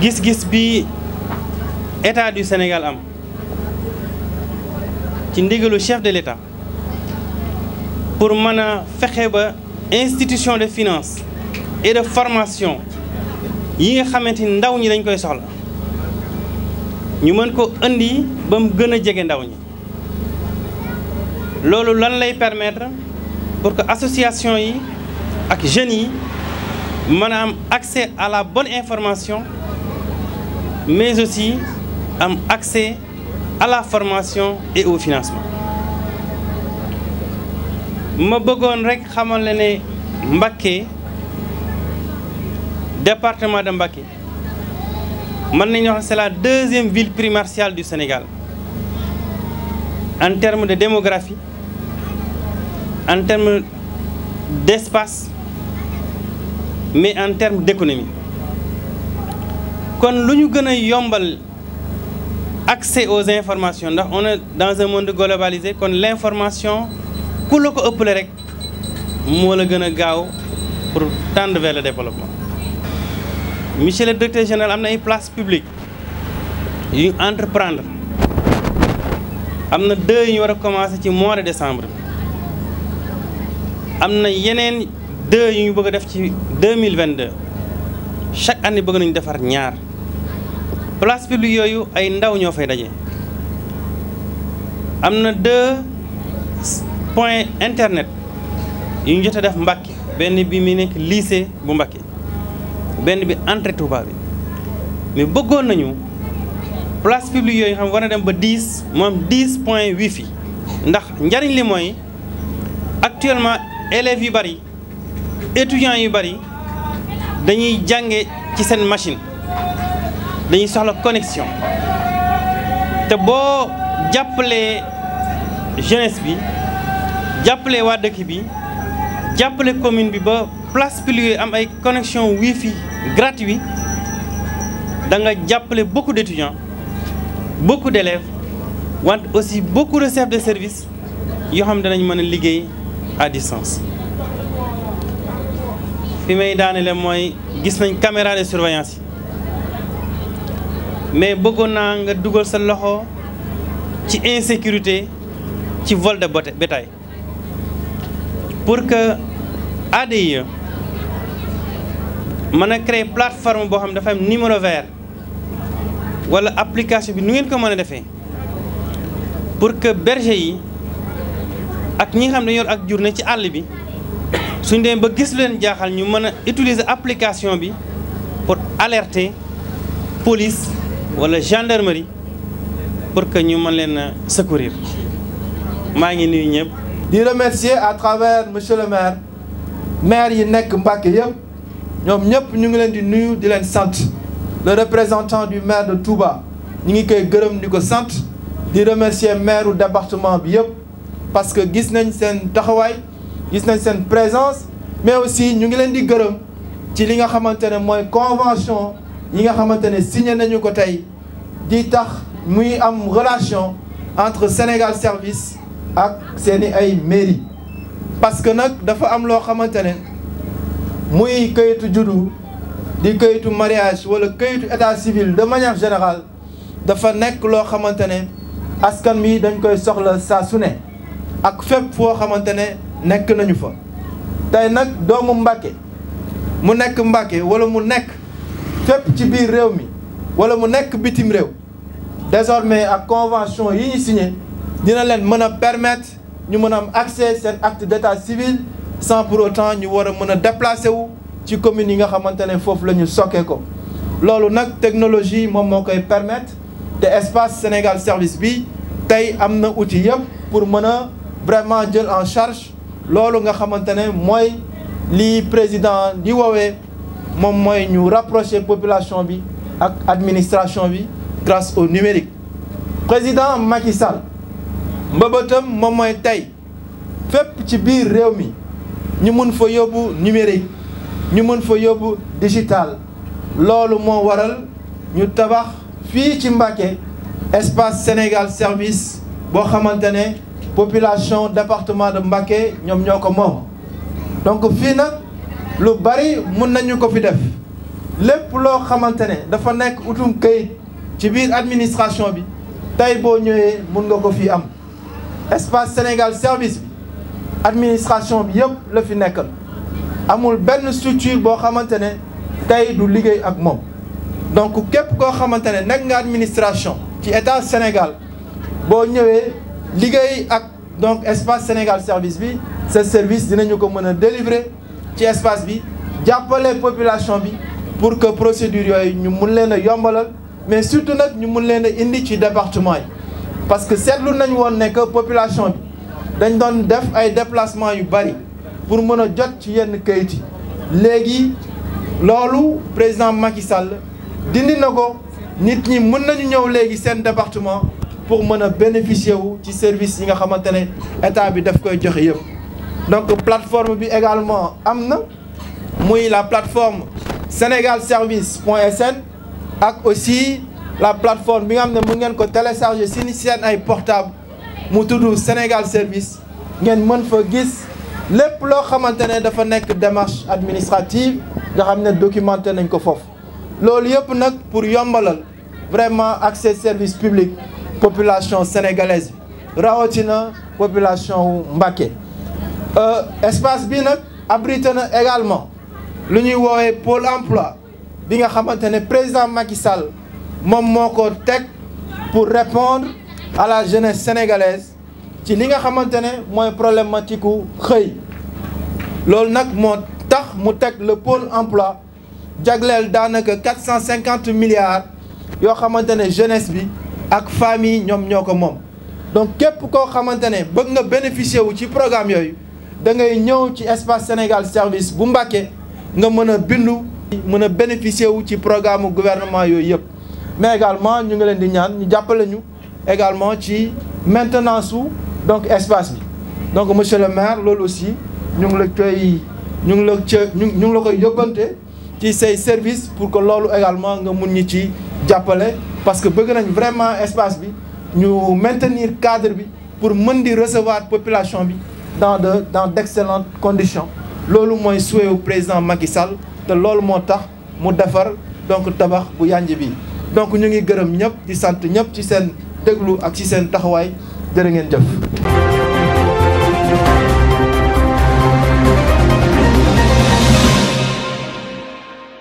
gis-gis bi état du Sénégal am ci ndigalu chef de l'état pour mën a fexe ba institution de finance et de formation yi nga xamante ni ndaw ñi dañ koy soxla ñu mën ko indi ba mu gën a jege ndaw ñi loolu lan lay permettre pour que association yi ak jeunes yi mën a am accès à la bonne information mais aussi am accès à la formation et au financement ma bëggoon rekk xamal la ne Mbacké département de Mbacké mën nañu wax c'est la deuxième ville primatiale du Sénégal en termes de démographie en termes d'espace mais en termes d'économie kon lu ñu gën a yombal accès aux informations ndax on est dans un monde globalisé kon l'information ku la ko ëppale rek moo la gën a gaaw pour tendre vers le développement monsieur le directeur général am na ay place publique yu am na deux yu ñu war a commencer ci mois de décembre am na yeneen deux yu ñu bëgg a def ci deux mille vingt-deux chaque année bëgg nañu defar ñaar place publique yooyu ay ndaw ñoo fay daje am na deux point internet yu ñu jot a def Mbàkke benn bi mu nekk lycée bu Mbàkke benn bi entrée Touba bi mais bëggoon nañu place publique yooyu xam war a dem ba dix mu am point points wifi ndax njariñ li mooy actuellement élèves yu bari étudiants yu bari dañuy jànge ci seen machine dañuy soxla connexion te boo jàppalee jeunesse bi jàppalee waa dëkk bi jàppale commune bi ba place pilier am ay connexion wifi gratuit da nga jàppale beaucoup d' étudiants beaucoup d' aussi beaucoup de de service yoo xam ne danañ mën a liggéey à distance fi may daanele mooy gis nañ caméra de surveillance yi mais bëggoon naa nga dugal sa loxo ci insécurité ci vol de bétail pour que ADIE mën a créer plateforme boo xam ne dafa am numéro vert wala application bi nu ngeen ko mën a defee pour que berger yi ak ñi nga xam ne yor ak jur ne ci àll bi suñ demee ba gis leen jaaxal ñu mën a utiliser application bi pour alerte police wala gendarmerie pour que ñu mën leen a secourir maa ngi nuyu ñëpp. di remercier à travers monsieur le maire maire yi nekk Mbacké yëpp ñoom ñëpp ñu ngi leen di nuyu di leen sant le représentant du maire de Touba ñu ngi koy gërëm di ko sant di remercier maire département bi yëpp parce que gis nañ seen taxawaay gis nañ seen présence mais aussi ñu ngi leen di gërëm ci li nga xamante ne mooy convention. ñi nga xamante ne signé nañu ko tey di tax muy am relation entre Sénégal service ak seeni ay mairie parce que nag dafa am loo xamante ne muy kayitu juddu di kayitu mariage wala kayitu état civil de manière général dafa nekk loo xamante ne askan wi dañ koy soxla saa su ne ak fépp foo xamante ne nekk nañu fa tey nag doomu Mbàkke mu nekk Mbàkke wala mu nekk fépp ci biir réew mi wala mu nekk bitim réew désormais ak convention yi ñu signé dina leen mën a permettre ñu mën a am accès seen acte d'état civil sans pour autant ñu war a mën a déplacer wu ci communes yi nga xamante ne foofu la ñu sokkee ko loolu nag technologie moom moo koy permettre te espace Sénégal service bi tey am na outil yëpp pour mën a vraiment jël en charge loolu nga xamante ne mooy li président di woowee moom mooy ñu rapprocher population bi ak administration bi grâce au numérique président Macky Sall mbëbëtam moom mooy tey fépp ci biir réew mi ñu mun fa yóbbu numérique ñu mën fa yóbbu digital loolu moo waral ñu tabax fii ci Mbacké espace Sénégal service boo xamante ne population département de Mbacké ñoom ñoo ko moom donc fii nag lu bari mun nañu ko fi def lépp loo xamante ne dafa nekk utum kayit ci biir administration bi tey boo ñëwee mun nga ko fi am espace Sénégal service bi administration bi yëpp la fi nekkal amul benn structure boo xamante ne tey du liggéey ak moom donc képp koo xamante ne nekk nga administration ci état Sénégal boo ñëwee liggéey ak donc espace Sénégal service bi ce service dinañu ko mën a délivrer ci espace bi jàppale population bi pour que procédure yooyu ñu mun leen a yombalal mais surtout nag ñu mun leen a indi ci département yi parce que seetlu nañ woon ne que population bi dañ doon def ay déplacement yu bari pour mën a jot ci yenn kayit yi léegi loolu président Macky Sall dindi na ko nit ñi mën nañu ñëw léegi seen département pour mën a bénéficier wu ci service yi nga xamante ne état bi daf koy joxe yëpp donc plateforme bi également am na muy la plateforme sénégal service point sn ak aussi la plateforme bi nga xam ne mu ngeen ko télécharger si seen ay portable mu tudd sénégal service ngeen mën fa gis lépp loo xamante ne dafa nekk démarche administrative nga xam ne documenté nañ ko foofu loolu yëpp nag pour yombalal vraiment accès service public population sénégalaise bi rawatina population wu Euh, espace bi nag abrité na également lu ñuy woowe pôle emploi bi nga xamante ne président Macky Sall moom moo ko teg pour répondre à la jeunesse sénégalaise ci li nga xamante ne mooy problématique u xëy loolu nag moo tax mu teg le pôle emploi jagleel daanaka quatre cent cinquante milliards yoo xamante ne jeunesse bi ak famille ñoom ñoo ko moom donc képp koo xamante ne bëgg nga bénéficier wu ci programme yooyu da ngay ñëw ci espace Sénégal service bu Mbacké nga mën a bindu mën a bénéficier wu ci programme gouvernement yooyu yëpp mais également ñu ngi leen di ñaan ñu jàppale ñu également ci maintenance su donc espace bi donc monsieur le maire loolu aussi ñu ngi la koy ñu ngi la ñu ngi la koy yóbbante ci say service pour que loolu également nga mun ñu ci jàppale parce que bëgg nañ vraiment espace bi ñu maintenir cadre bi pour mën di recevoir population bi dans de dans d'excellentes conditions loolu mooy souhait président Macky Sall te loolu moo tax mu defar donc tabax bu yànj bi donc ñu ngi gërëm ñëpp di sant ñëpp ci seen déglu ak ci seen taxawaay jërë ngeen jëf